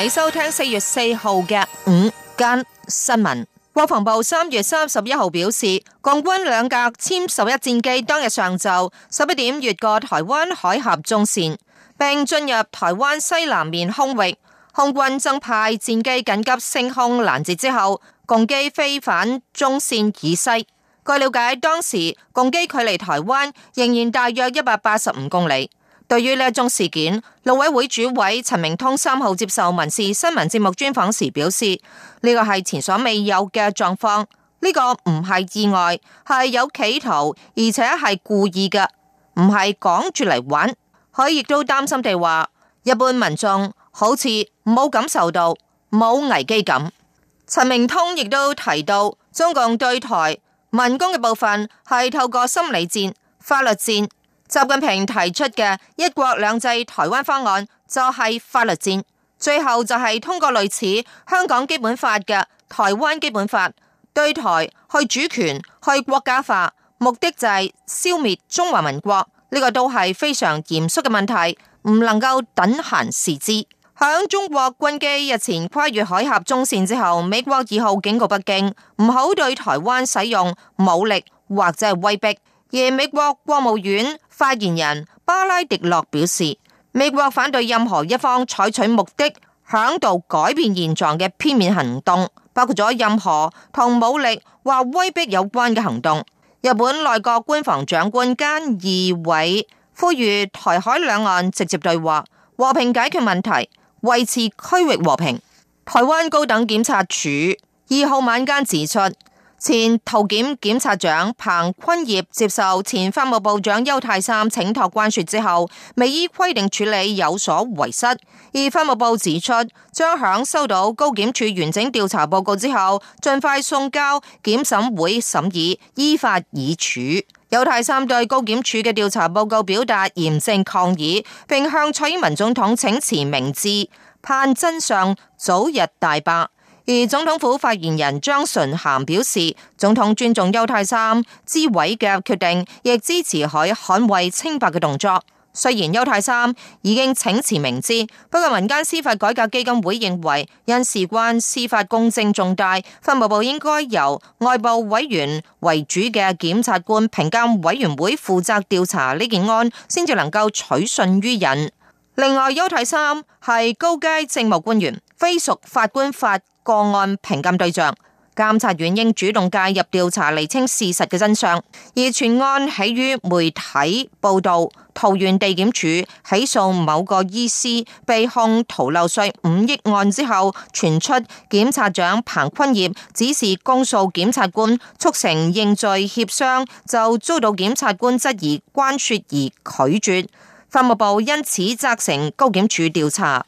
請收聽四月四號嘅午間新聞。國防部三月三十一號表示，共軍兩架殲十一戰機當日上晝十一點越過台灣海峽中線，並進入台灣西南面空域。空軍正派戰機緊急升空攔截之後，共機飛返中線以西。據了解，當時共機距離台灣仍然大約一百八十五公里。對於呢一宗事件，陸委會主委陳明通三號接受民事新聞節目專訪時表示：呢、這個係前所未有嘅狀況，呢、這個唔係意外，係有企圖，而且係故意嘅，唔係講住嚟玩。佢亦都擔心地話，一般民眾好似冇感受到冇危機感。陳明通亦都提到，中共對台民工嘅部分係透過心理戰、法律戰。習近平提出嘅一國兩制台灣方案就係法律戰，最後就係通過類似香港基本法嘅台灣基本法，對台去主權去國家化目的就係消滅中華民國。呢個都係非常嚴肅嘅問題，唔能夠等閒視之。響中國軍機日前跨越海峽中線之後，美國二號警告北京唔好對台灣使用武力或者係威逼。而美國國務院發言人巴拉迪諾表示，美國反對任何一方採取目的響度改變現狀嘅片面行動，包括咗任何同武力或威逼有關嘅行動。日本內閣官房長官菅義偉呼籲台海兩岸直接對話，和平解決問題，維持區域和平。台灣高等檢察署二號晚間指出。前桃檢檢察長彭坤業接受前法務部長邱太三請託關說之後，未依規定處理有所遺失，而法務部指出將響收到高檢署完整調查報告之後，盡快送交檢審會審議，依法議處。邱太三對高檢署嘅調查報告表達嚴正抗議，並向蔡英文總統請辭明志，盼真相早日大白。而總統府發言人張純涵表示，總統尊重邱太三之委嘅決定，亦支持佢捍衞清白嘅動作。雖然邱太三已經請辭明知，不過民間司法改革基金會認為，因事關司法公正重大，法務部應該由外部委員為主嘅檢察官評鑑委員會負責調查呢件案，先至能夠取信於人。另外，邱太三係高階政務官員，非屬法官法。個案評鑑對象，監察院應主動介入調查，釐清事實嘅真相。而全案起於媒體報道，桃園地檢署起訴某個醫師被控逃漏稅五億案之後，傳出檢察長彭坤業指示公訴檢察官促成認罪協商，就遭到檢察官質疑關說而拒絕。法務部因此責成高檢署調查。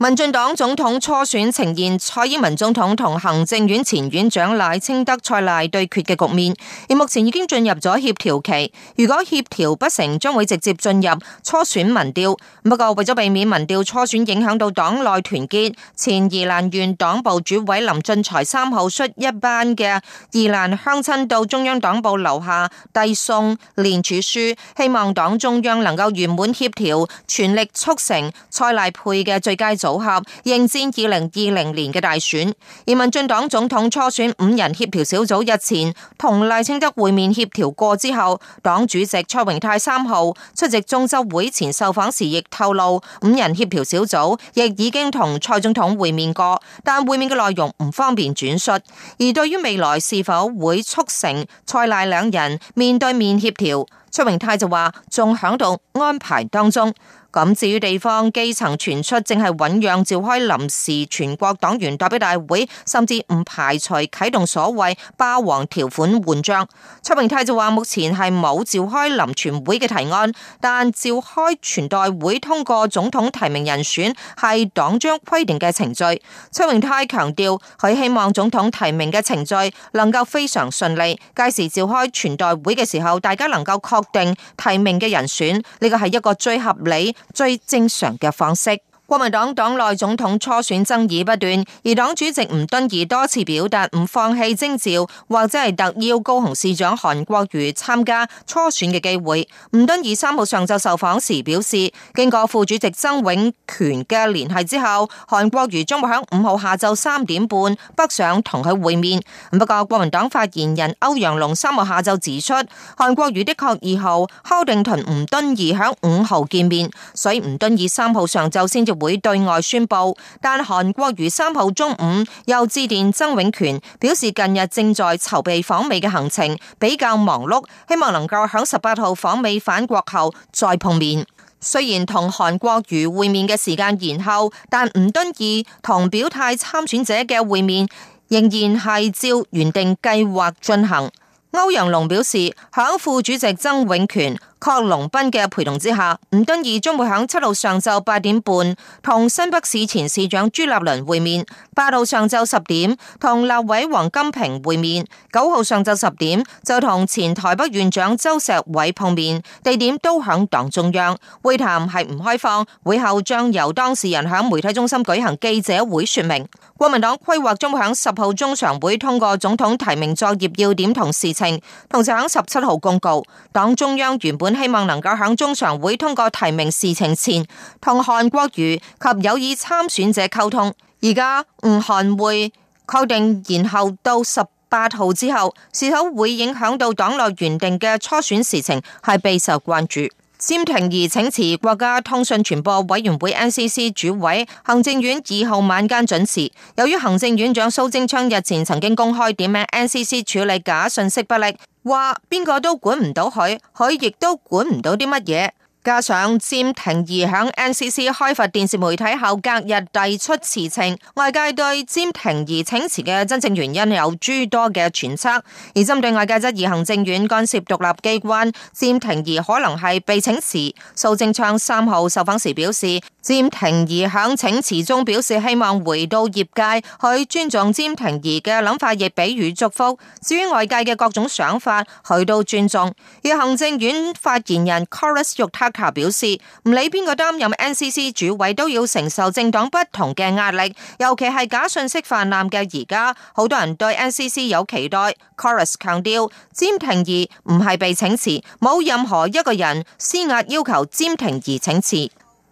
民進黨總統初選呈現蔡英文總統同行政院前院長賴清德蔡賴對決嘅局面，而目前已經進入咗協調期。如果協調不成，將會直接進入初選民調。不過為咗避免民調初選影響到黨內團結，前宜蘭縣黨部主委林俊才三號率一班嘅宜蘭鄉親到中央黨部樓下遞送聯署書，希望黨中央能夠圓滿協調，全力促成蔡賴配嘅最佳組。組合迎戰二零二零年嘅大選，而民進黨總統初選五人協調小組日前同賴清德會面協調過之後，黨主席蔡榮泰三號出席中執會前受訪時，亦透露五人協調小組亦已經同蔡總統會面過，但會面嘅內容唔方便轉述。而對於未來是否會促成蔡賴兩人面對面協調，蔡榮泰就話仲響度安排當中。咁至於地方基層傳出正係醞釀召開臨時全國黨員代表大會，甚至唔排除啟動所謂霸王條款換章。崔永泰就話，目前係冇召開臨全會嘅提案，但召開全代會通過總統提名人選係黨章規定嘅程序。崔永泰強調，佢希望總統提名嘅程序能夠非常順利，屆時召開全代會嘅時候，大家能夠確定提名嘅人選，呢個係一個最合理。最正常嘅方式。國民黨黨內總統初選爭議不斷，而黨主席吳敦義多次表達唔放棄徵召或者係特邀高雄市長韓國瑜參加初選嘅機會。吳敦義三號上晝受訪時表示，經過副主席曾永權嘅聯繫之後，韓國瑜將會喺五號下晝三點半北上同佢會面。不過國民黨發言人歐陽龍三號下晝指出，韓國瑜的確二號敲定同吳敦義響五號見面，所以吳敦義三號上晝先至。會對外宣布，但韓國瑜三號中午又致電曾永權，表示近日正在籌備訪美嘅行程，比較忙碌，希望能夠響十八號訪美返國後再碰面。雖然同韓國瑜會面嘅時間延後，但吳敦義同表態參選者嘅會面仍然係照原定計劃進行。歐陽龍表示，響副主席曾永權。郝龍斌嘅陪同之下，吳敦義將會喺七號上晝八點半同新北市前市長朱立倫會面；八號上晝十點同立委王金平會面；九號上晝十點就同前台北縣長周錫瑋碰面，地點都響黨中央。會談係唔開放，會後將由當事人響媒體中心舉行記者會說明。國民黨規劃將會喺十號中常會通過總統提名作業要點同事情，同時喺十七號公告黨中央原本。希望能夠響中常會通過提名事情前，同韓國瑜及有意參選者溝通。而家吳韓會確定，延後到十八號之後，是否會影響到黨內原定嘅初選事情，係備受關注。詹婷怡請辭國家通訊傳播委員會 NCC 主委，行政院二號晚間准辭。由於行政院長蘇貞昌日前曾經公開點名 NCC 處理假信息不力，話邊個都管唔到佢，佢亦都管唔到啲乜嘢。加上詹婷怡響 NCC 開罰電視媒體後，隔日遞出辭呈，外界對詹婷怡請辭嘅真正原因有諸多嘅揣測。而針對外界質疑行政院干涉獨立機關，詹婷怡可能係被請辭，蘇貞昌三號受訪時表示，詹婷怡響請辭中表示希望回到業界，佢尊重詹婷怡嘅諗法，亦俾予祝福。至於外界嘅各種想法，佢都尊重。而行政院發言人 Kolas Yotaka 表示，唔理邊個擔任 NCC 主委都要承受政黨不同嘅壓力，尤其係假信息泛濫嘅而家，好多人都對 NCC 有期待。Chorus 強調，詹婷怡唔係被請辭，冇任何一個人施壓要求詹婷怡請辭。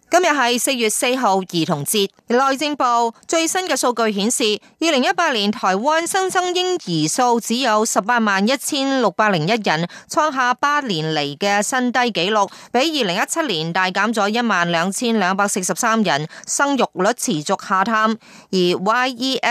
今日係四月四號兒童節，內政部最新嘅數據顯示，二零一八年台灣新增嬰兒數只有十八萬一千六百零一人，創下八年嚟嘅新低紀錄，比二零一七年大減咗一萬兩千兩百四十三人，生育率持續下探。而 YES 一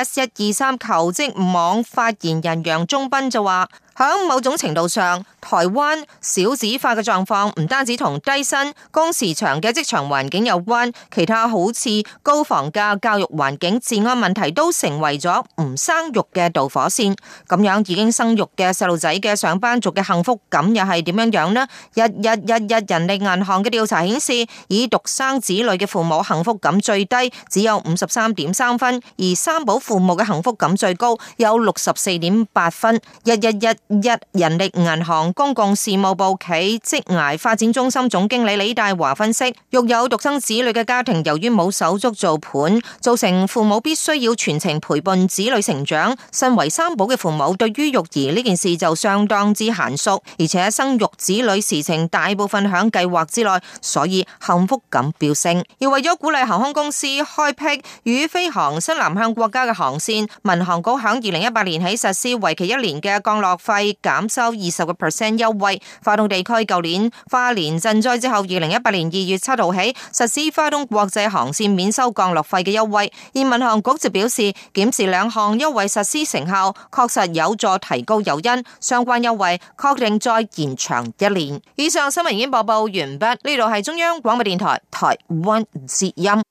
二三求職網發言人楊忠斌就話。喺某種程度上，台灣少子化嘅狀況唔單止同低薪、工時長嘅職場環境有關，其他好似高房價、教育環境、治安問題都成為咗唔生育嘅導火線。咁樣已經生育嘅細路仔嘅上班族嘅幸福感又係點樣樣呢？1111，人力銀行嘅調查顯示，以獨生子女嘅父母幸福感最低，只有五十三點三分；而三寶父母嘅幸福感最高，有六十四點八分。1111。一人力銀行公共事務部企職涯發展中心總經理李大華分析：育有獨生子女嘅家庭，由於冇手足做伴，造成父母必須要全程陪伴子女成長。身為三寶嘅父母，對於育兒呢件事就相當之嫻熟，而且生育子女事情大部分響計劃之內，所以幸福感飆升。要為咗鼓勵航空公司開闢與飛航新南向國家嘅航線，民航局響二零一八年起實施為期一年嘅降落係減收二十個 percent 優惠，花東地區舊年花蓮賑災之後，二零一八年二月七號起實施花東國際航線免收降落費嘅優惠，而民航局就表示，檢視兩項優惠實施成效，確實有助提高游因，相關優惠確定再延長一年。以上新聞已經播報完畢，呢度係中央廣播電台台灣節音。